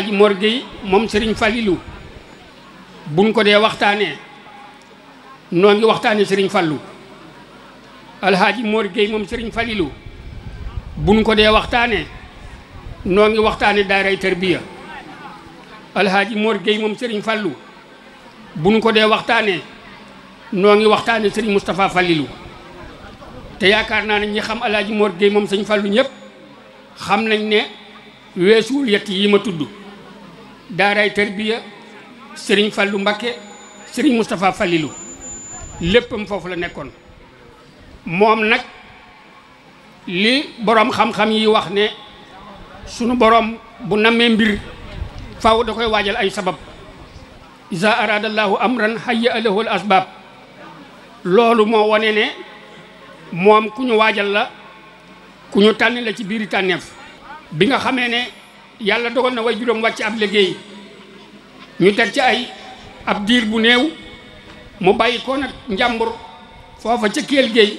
Aji Mor Gueye moom sëriñ Fallilou buñ ko dee waxtaanee noo ngi waxtaanee Serigne Fallou Alhaji Mor Gueye moom Serigne Fallilou buñ ko dee waxtaanee noo ngi waxtaanee daaray tarbiya Alhaji Mor Gueye moom Serigne Fallou buñ ko dee waxtaanee noo ngi waxtaanee Serigne Moustapha Fallilou te yaakaar naa na ñi xam Alhaji Mor Gueye moom Serigne fallu ñëpp xam nañ ne weesuwul yett yi ma tudd. daaray tarbiya sëriñ Fallou Mbakke sëriñ Moustapha Fallilou léppam foofu la nekkoon moom nag li boroom xam-xam yi wax ne sunu boroom bu nammee mbir faaw da koy waajal ay sabab isa arada allahu amran hayya lahu al loolu moo wane ne moom ku ñu waajal la ku ñu tànn la ci biiri tànneef bi nga xamee ne yàlla dogal na way juróom wàcc ab liggéey ñu teg ci ay ab diir bu néew mu bàyyi ko nag njàmbur foofa ca Kelle géey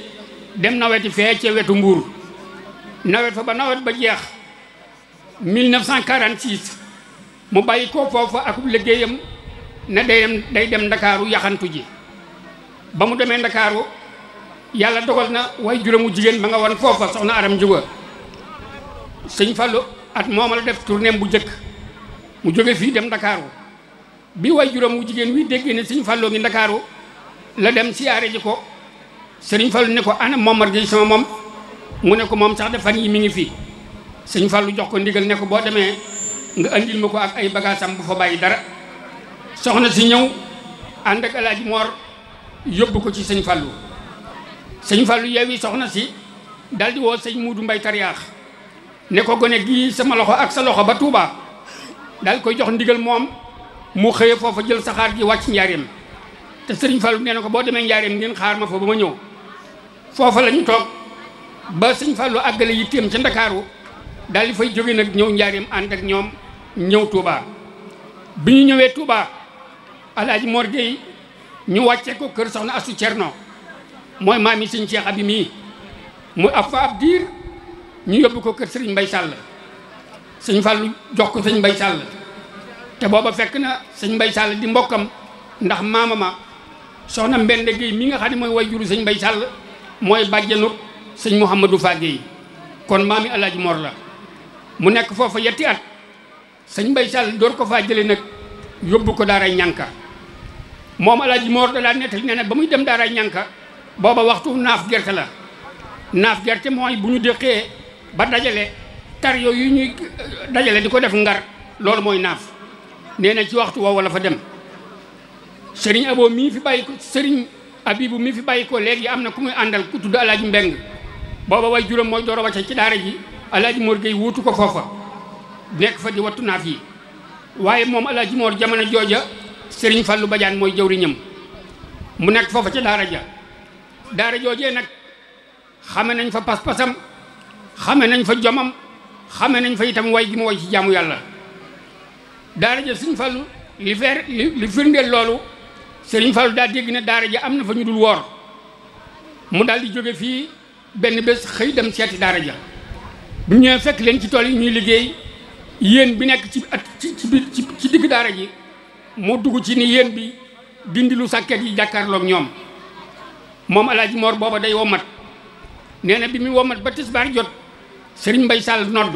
dem naweti fee ca wetu Mbuur nawet fa ba nawet ba jeex 1946 mu bàyyi koo foofa akub liggéeyam ne day dem ndakaaru yaxantu ji ba mu demee ndakaaru yàlla dogal na way juróomu jigéen ba nga wan foofa soxna aram njuga sëñ Fallou at moom la def tournéem bu njëkk mu jóge fii dem ndakaaru bi way juróom wu jigéen wi dégg ne sëñ Fallou ngi ndakaaru la dem si ji ko sëriñ Fallou ne ko ana Momar Gueye sama moom mu ne ko moom sax de yi mi ngi fii sëñ Fallou jox ko ndigal ne ko boo demee nga andil ma ko ak ay bagaasam bu fa bàyyi dara soxna si ñëw ànd ak yóbbu ko ci sëñ Fallou sëñ Fallou yeewi soxna si daldi woo sëñ Muudu Mbay Tariyaax ne ko gone gii sama loxo ak sa loxo ba Touba daal koy jox ndigal moom mu xëyee foofa jël saxaar gi wàcc njaarim te sëriñ falu nee na ko boo demee njaareem ngeen xaar ma fa ba ma ñëw foofa lañu ñu toog ba Serigne Fallou àggale yitteem ca Ndakaaru daal di fay jóge nag ñëw njaarim ànd ak ñoom ñëw Touba bi ñu ñëwee Touba Alaaji Mor Gueye ñu wàccee ko kër soxna Asu Cerno mooy maam yi Serigne Cheikh Abi mii mu ab fa ab diir ñu yóbbu ko kër sëriñ Mbay Sàll sëñ Fàllu jox ko sëñ Mbay Sàll te booba fekk na sëñ Mbay Sàll di mbokkam ndax maamama soxna Mbende Gueye mi nga xam ne mooy wayjuru sëñ Mbay Sàll mooy bàjjanu sañ Mouhamadou Fage yi kon maami Alaaji Mor la mu nekk foofu yetti at sëñ Mbay Sàll door ko faa jëlee nag yóbbu ko daaray ñànka moom Alaaji Mor da daa nettali ba muy dem daaray ñànka booba waxtu naaf gerte la naaf gerte mooy bu ñu déqee ba dajale tar yu ñuy dajale di ko def ngar loolu mooy naaf nee na ci waxtu wa la fa dem sëriñ aboo mii fi bàyyi ko sëriñ abibu mii fi bàyyi ko am na ku muy àndal ku tudd alaaji mbeng booba way juróom mooy door a wàcce ci daara ji alaaji moor gay wuutu ko foofa nekk fa di wattu naaf yi waaye moom alaaji moor jamono jooja sëriñ fàllu bajaan mooy jëwriñam mu nekk foofa ca daara ja daara joojee nag xame nañ fa pas xame nañ fa jomam xame nañ fa itam way ji mu way ci jaamu yàlla daara ja sëriñ Fallu li feer li loolu sëriñ Fallu daa dégg ne daara ja am na fa ñu dul woor mu daal di jóge fii benn bés xëy dem seeti daara ja bu ñëwee fekk leen ci tool yi ñuy liggéey yéen bi nekk ci at ci ci digg daara ji moo dugg ci ni yéen bi dindi sàkket yi jàkkaarloog ñoom moom alaaji moor booba day womat nee na bi muy womat ba jot sëriñ Mbay Sall nodd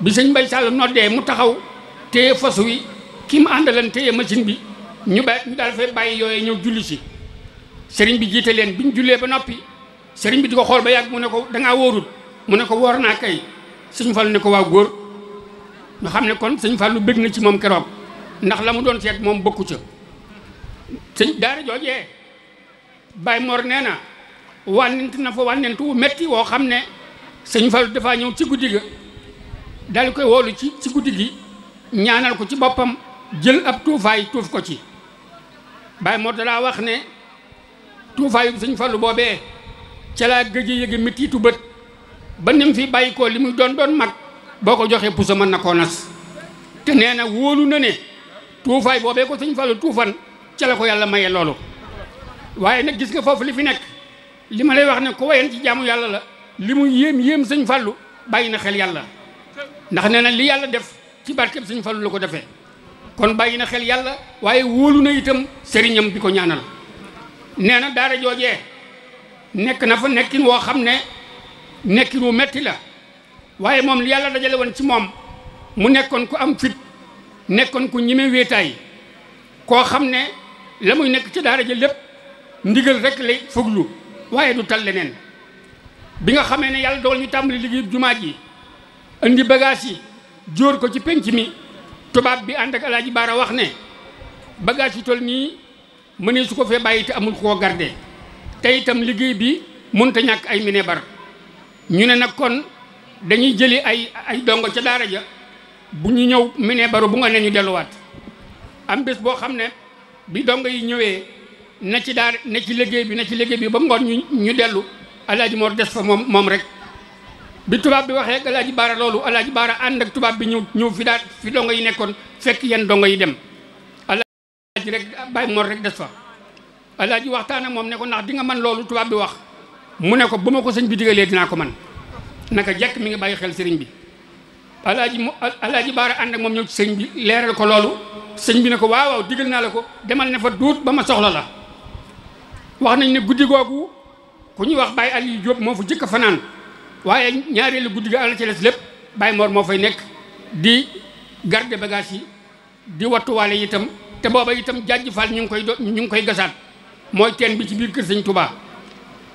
bi sëriñ Mbay Sall noddee mu taxaw téye fas wi ki mu àndalan téye machine bi ñu ba ñu daal fay bàyyi yooyu ñëw julli si sëriñ bi jiite leen bi ñu jullee ba noppi sëriñ bi di ko xool ba yàgg mu ne ko dangaa wóorut mu ne ko woor naa kay sëñ Fallu ne ko waaw góor ñu xam ne kon sëñ Fallu bëgg na ci moom keroog ndax la mu doon seet moom bokku ca sëñ daara joojee Baay Mor nee na wànnent na fa wànnent wu metti woo xam ne sëñ fal dafa ñëw ci guddi ga dal koy woolu ci ci guddi gi ñaanal ko ci boppam jël ab tuufaay tuuf ko ci Baye moo dalaa wax ne tuufaayu sëñ Fallu boobee ca laa gëj a yëge mitiitu bët ba nim fi bàyyi ko li muy doon doon mag boo ko joxee puso mën na koo nas te nee na wóolu na ne tuufaay boobee ko sëñ Fallu tuufan ca ko yàlla maye loolu waaye nag gis nga foofu li fi nekk li ma lay wax ne ko wayen ci jaamu yàlla la li mu yéem yéem sëñ Fallou bàyyi na xel yàlla ndax nee na li yàlla def ci barkeb sëñ fallu la ko defee kon bàyyi na xel yàlla waaye wóolu na itam sëriñam di ko ñaanal nee na daara joojee nekk na fa nekkin woo xam ne nekkin wu metti la waaye moom li yàlla dajale woon ci moom mu nekkoon ku am fit nekkoon ku ñime wéetaay koo xam ne la muy nekk ci daara ja lépp ndigal rek lay fuglu waaye du tal leneen bi nga xamee ne yàlla dogal ñu tàmbali liggéeyu jumaa ji indi bagage yi jóor ko ci penc mi tubaab bi ànd ak alaaji baara wax ne bagage yu toll nii mënee su ko fee bàyyi te amul koo garde te itam liggéey bi mënta ñàkk ay mineebar ñu ne nag kon dañuy jëli ay ay dongo ca daara ja bu ñu ñëw minebaru bu nga ne ñu delluwaat am bés boo xam ne bi dongo yi ñëwee na ci daara na ci liggéey bi na ci liggéey bi ba ngoon ñu ñu dellu alaaji Mor des fa moom moom rek bi tubaab bi waxee ak alaaji Baara loolu alaaji Baara ànd ak tubaab bi ñëw ñëw fi daal fi dongo yi nekkoon fekk yenn dongo yi dem alaaji rek bàyyi Mor rek des fa alaaji waxtaan ak moom ne ko ndax nga man loolu tubaab bi wax mu ne ko bu ma ko sëñ bi digalee dinaa ko man naka jekk mi ngi bàyyi xel sëriñ bi alaaji mo alaaji Baara ànd ak moom ñëw ci sëñ bi leeral ko loolu sëñ bi ne ko waaw waaw digal naa la ko demal ne fa duut ba ma soxla la wax nañ ne guddi googu ku ñuy wax Baye Aliou Diop moo fu jëkk fanaan waaye ñaareelu guddi gi àll ci des lépp Baye Mor moo fay nekk di garde bagage yi di wattuwaale itam te booba itam jàjj fal ñu ngi koy ñu ngi koy gasaat mooy teen bi ci biir kër sañ Touba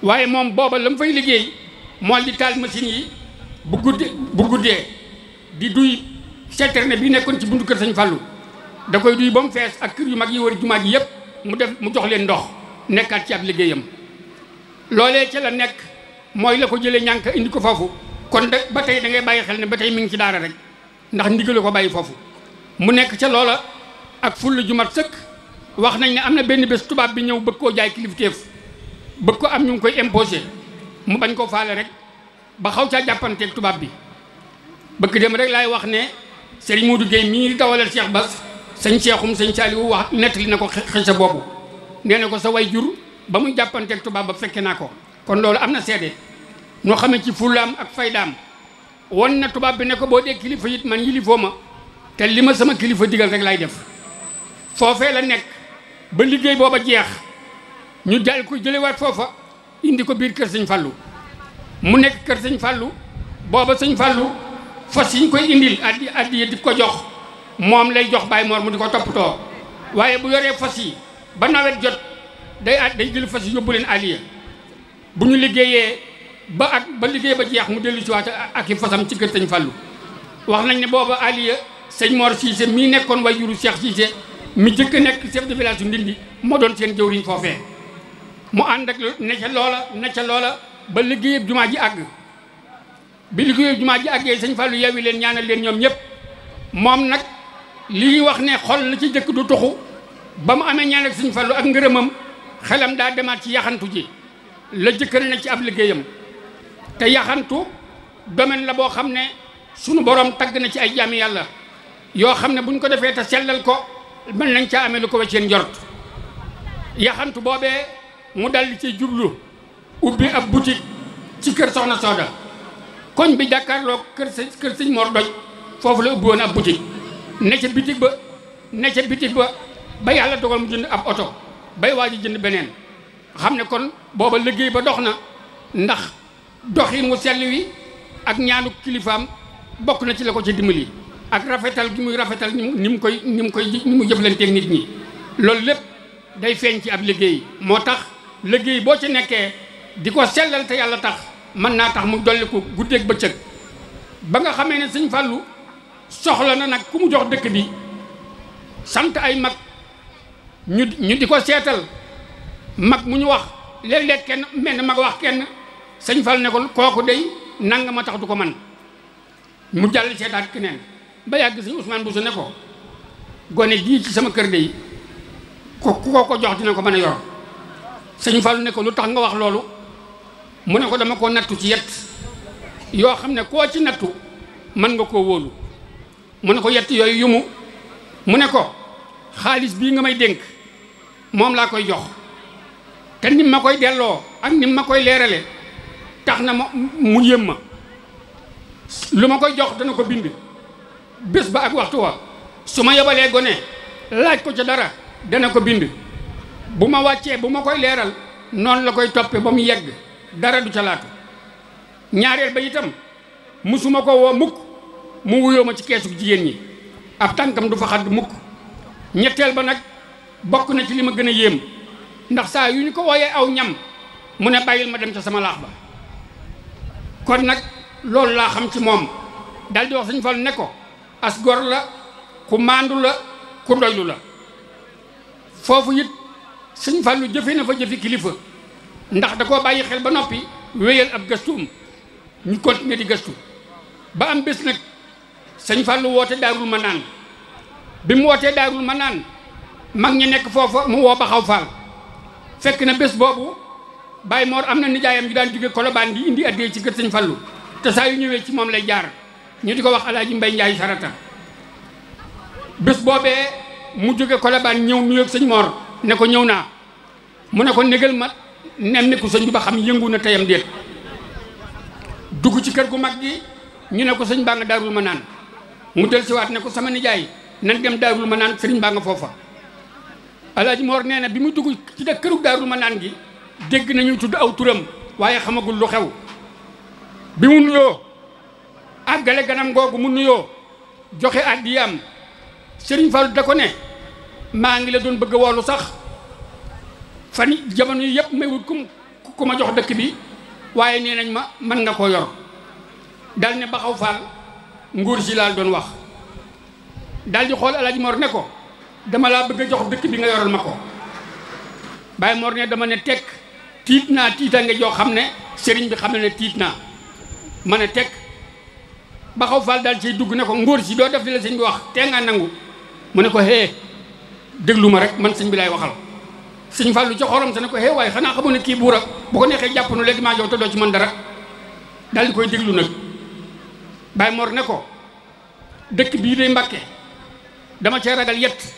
waaye moom booba la mu fay liggéey mooy di taal machine yi bu guddee bu guddee di duy citerne bi nekkoon ci buntu kër sañ Fallu da koy duy ba mu fees ak kër yu mag yi wër jumaa ji yëpp mu def mu jox leen ndox nekkaat ci ab liggéeyam loolee ca la nekk mooy la ko jëlee ñànk indi ko foofu kon nag ba tey da ngay bàyyi xel ne ba tey mi ngi ci daara rek ndax ndigalu ko bàyyi foofu mu nekk ca loola ak fulla ju mat sëkk wax nañ ne am na benn bés tubaab bi ñëw bëgg koo jaay kilifteef bëgg ko am ñu ngi koy imposé mu bañ koo faale rek ba xaw caa jàppanteeg tubaab bi bëgg dem rek laay wax ne Serigne Modou Gueye mii di dawalal Cheikh Bass sañ Cheikhum sañ Saliou wax nettali na ko xëy boobu nee na ko sa way jur ba muy jàppanteeg tubaab ba fekke naa ko kon loolu am na seede noo xamee ci fullaam ak faydaam won na tubaab bi ne ko boo dee kilifa it man yilifoo ma te li ma sama kilifa digal rek laay def foofee la nekk ba liggéey booba jeex ñu jal ko jëlewaat foofa indi ko biir kër sëñ Fallou mu nekk kër sëñ Fallou booba sëñ Fallou fas yi ñu koy indil addi addi di ko jox moom lay jox Baye Mor mu di ko toppatoo waaye bu yoree fas yi ba nawet jot day at day jël fas yóbbu leen aliya bu ñu liggéeyee ba at ba liggéey ba jeex mu dellu si waat ak i fasam ci kër sëñ Fallou wax nañ ne booba aliya sëñ Mor Cissé mii nekkoon way juru Cheikh Cissé mi jëkk nekk chef de village su Ndindi moo doon seen jëwriñ foofee mu ànd ak ne ca loola ne ca loola ba liggéeyub jumaa ji àgg bi liggéeyub jumaa ji àggee sëñ Fallou yewi leen ñaanal leen ñoom ñëpp moom nag li wax ne xol la ci jëkk du tuxu ba mu amee ñaan ak sëñ Fallou ak ngërëmam xelam daa demaat ci yaxantu ji la jëkkër na ci ab liggéeyam te yaxantu domaine la boo xam ne sunu borom tagg na ci ay jaami yàlla yoo xam ne buñ ko defee te sellal ko mën nañ caa amee lu ko wecceen njort yaxantu boobee mu dal di ci jublu ubbi ab boutique ci kër soxna Sooda koñ bi jàkkaarloo kër sëñ kër sëñ Mor Doj foofu la ubbi woon ab boutique ne ca bitig ba ne ca bitig ba ba yàlla dogal mu jënd ab oto bay waaj jënd beneen xam ne kon booba liggéey ba dox na ndax doxin mu sell wi ak ñaanu kilifaam bokk na ci la ko ci dimbali ak rafetal gi muy rafetal ni mu koy ni mu koy ni mu jëflanteeg nit ñi loolu lépp day feeñ ci ab liggéey moo tax liggéey boo ci nekkee di ko sellal te yàlla tax mën naa tax mu dolli ko guddeeg bëccëg ba nga xamee ne sëñ Fallou soxla na nag ku mu jox dëkk bi sant ay mag ñu di ko seetal mag mu ñu wax léeg-léeg kenn mel ne mag wax kenn sëñ Fall ne ko kooku day nanga ma tax du ko man mu jàll seetaat keneen ba yàgg sëñ Ousmane Bousso ne ko gone jii ci sama kër day ko koo ko jox dina ko mën a yor sëñ Fall ne ko lu tax nga wax loolu mu ne ko dama ko nattu ci yet yoo xam ne koo ci nattu mën nga koo wóolu mu ne ko yett yooyu yumu mu ne ko xaalis bii nga may dénk moom laa koy jox te nim ma koy delloo ak nim ma koy leerale tax na ma mu yëm ma lu ma koy jox dana ko bind bés ba ak waxtu wa su ma yebalee gone laaj ko ca dara dana ko bind bu ma wàccee bu ma koy leeral noonu la koy toppe ba mu yegg dara du ca ñaareel ba itam musuma ko woo mukk mu wuyoo ma ci keesu jigéen ñi ab tànkam du fa xadd mukk ñetteel ba nag bokk na ci li ma gën a yéem ndax saa yu ñu ko wooyee aw ñam mu ne bàyyil ma dem ca sama laax ba kon nag loolu laa xam ci moom dal di wax suñ fal ne ko as gor la ku maandu la ku doylu la foofu it suñ fàllu jëfe na fa jëfi kilifa ndax da koo bàyyi xel ba noppi wéyal ab gëstuum ñu continuer di gëstu ba am bés nag sëñ fàllu woote daarul ma naan bi mu wootee daarul ma naan mag ñi nekk foofa mu woo Baxaw Fall fekk na bés boobu baay Mor am na nijaayam ju daan jóge Kolobaan di indi addee ci kër Sëñ Fallu te saa yu ñëwee ci moom lay jaar ñu di ko wax Alaaji Mbay Njaay Sarata bés boobee mu jóge Kolobaan ñëw nuyoog Sëñ Mor ne ko ñëw naa mu ne ko négal nem ne ko sëñ bi baxam xam yëngu na teyam déet dugg ci kër gu mag gi ñu ne ko sëñ baa nga daarul ma naan mu del siwaat ne ko sama nijaay nan dem daarul ma naan sëriñ baa foofa Alaaji Moor nee na bi mu dugg ci da këru ma naan gi dégg nañu tudd aw turam waaye xamagul lu xew bi mu nuyoo àggale ganam googu mu nuyoo joxe àddiyaam Sëriñ Fallu da ko ne maa ngi la doon bëgg woolu sax fan jamono yi yëpp may wut kum ku ma jox dëkk bi waaye nee nañ ma mën nga koo yor dal ne ba Baxaw Fall nguur si laal doon wax dal di xool Alaaji ne ko dama laa bëgg a jox dëkk bi nga yoral ma ko Baye Mor ne dama ne tekk tiit naa tiitange joo xam ne sëriñ bi xam ne tiit naa ma ne tekk ba xaw faal daal ciy dugg ne ko ngóor si doo def li la sëñ bi wax tee ngaa nangu mu ne ko hee déglu ma rek man sëñ bi laay waxal sëñ Fallou ca xorom sa ne ko hee waaye xanaa xamoon ne kii buura bu ko neexee jàpp nu maa jow te doo ci mën dara daal di koy déglu nag Baye Mor ne ko dëkk bii day Mbàkke dama cee ragal yett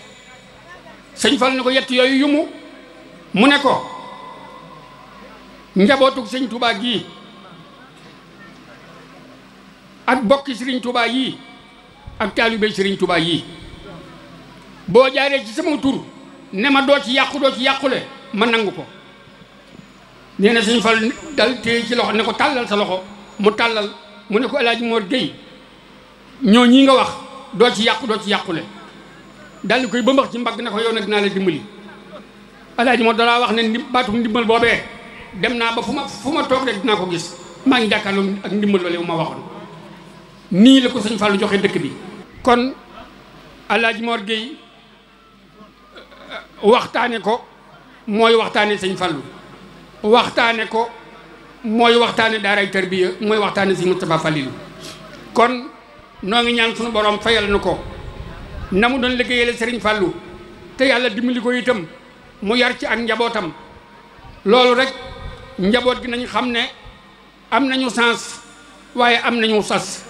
sëñ Fall ni ko yett yooyu yumu mu ne ko njabootug sëñ Touba gii ak bokki siriñ Touba yii ak taalibey sëriñ Touba yii boo jaaree ci sama tur ne ma doo ci yàqu doo ci yàqule ma nangu ko nee na sëñ Fall dal téye ci loxo ne ko tàllal sa loxo mu tàllal mu ne ko El Hadj géy ñoo ñii nga wax doo ci yàqu doo ci yàqule daal di koy bëmbax ci mbagg na ko yoon nag dinaa la dimbali alaaji moo dalaa wax ne ni baatum ndimbal boobee dem naa ba fu ma fu ma toog rek dinaa ko gis maa ngi jàkkaarloo ak ndimbal loolu ma waxoon nii la ko sëñ Fallou joxe dëkk bi kon alaaji Mor Gueye euh, waxtaane ko mooy waxtaane sëñ Fallou waxtaane ko mooy waxtaane daaray tarbiya mooy waxtaane sëñ Moustapha Fallilu kon noo ngi ñaan suñu borom fayal na ko na mu doon liggéeyale Serigne Fallou te yàlla dimbali ko itam mu yar ci ak njabootam loolu rek njaboot gi nañ xam ne am nañu sens waaye am nañu sas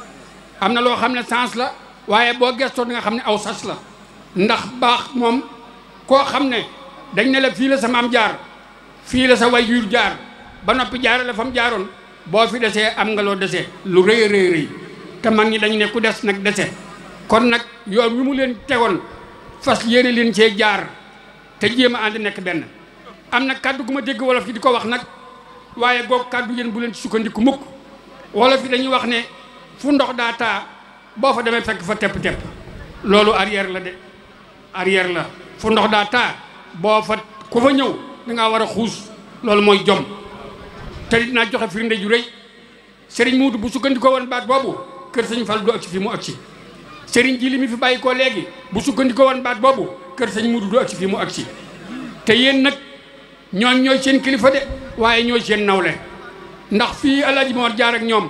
am na loo xam ne sens la waaye boo gestoo di nga xam ne aw sas la ndax baax moom koo xam ne dañ ne la fii la sa maam jaar fii la sa wayjur jaar ba noppi jaare fa mu jaaroon boo fi desee am nga loo dese lu rëy rëy rëy te mag ñi dañ ne ku des nag dese kon nag yoon wi mu leen tegoon fas yéene leen cee jaar te jéem a ànd nekk benn am na kàddu gu ma dégg wolof yi di ko wax nag waaye goog kàddu yéen bu leen sukkandiku mukk wolof yi dañuy wax ne fu ndox daa taa boo fa demee fekk fa tepp-tepp loolu arrière la de arrière la fu ndox daa taa boo fa ku fa ñëw da war a xuus loolu mooy jom te dinaa joxe firnde ju rëy sëriñ muutu bu sukkandikoo woon baat boobu kër sëñ fal du agsi fi mu agsi sëriñ ji li mi fi bàyyi ko léegi bu sukkandikoo woon baat boobu kër sañ Modou du agsi fii mu agsi te yéen nag ñooñ ñooy seen kilifa de waaye ñooy seen nawle ndax fii Alaaji Moor jaar ñoom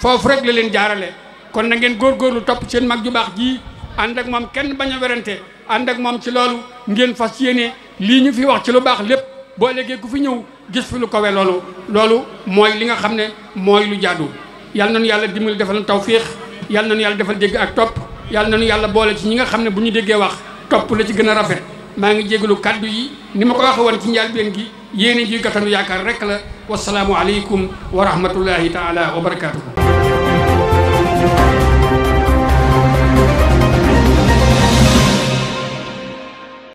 foofu rek la leen jaarale kon na ngeen góorgóorlu topp seen mag ju baax jii ànd ak moom kenn bañ a werante ànd ak moom ci loolu ngeen fas yéene lii ñu fi wax ci lu baax lépp boo léegi ku fi ñëw gis fi lu kawe loolu loolu mooy li nga xam ne mooy lu jaadu yal nañu yàlla dimbali defal tawfiix yal nañu yàlla defal dégg ak topp yàlla na nañu yàlla boole ci ñi nga xam ne bu ñu déggee wax topp la ci gën a rafet maa ngi jégalu kàddu yi ni ma ko waxee woon ci njëlbéen gi yéene ji gàttanu yaakaar rek la wasalaamu aleykum wa rahmatullahi taala wa barakaatuhu